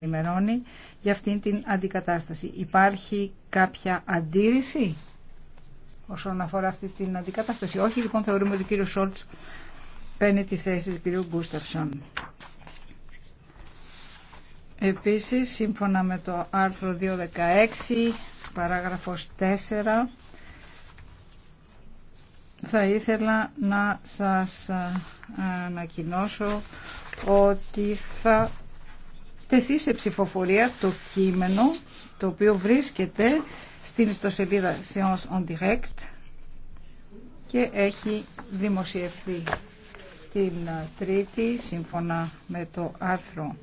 ενημερώνει για αυτήν την αντικατάσταση. Υπάρχει κάποια αντίρρηση όσον αφορά αυτή την αντικατάσταση. Όχι, λοιπόν, θεωρούμε ότι ο κύριος Σόλτς παίρνει τη θέση του κύριου Γκούσταυσον. Επίσης, σύμφωνα με το άρθρο 216, παράγραφος 4, θα ήθελα να σας ε, ανακοινώσω ότι θα τεθεί σε ψηφοφορία το κείμενο το οποίο βρίσκεται στην ιστοσελίδα Seance on Direct και έχει δημοσιευθεί την Τρίτη σύμφωνα με το άρθρο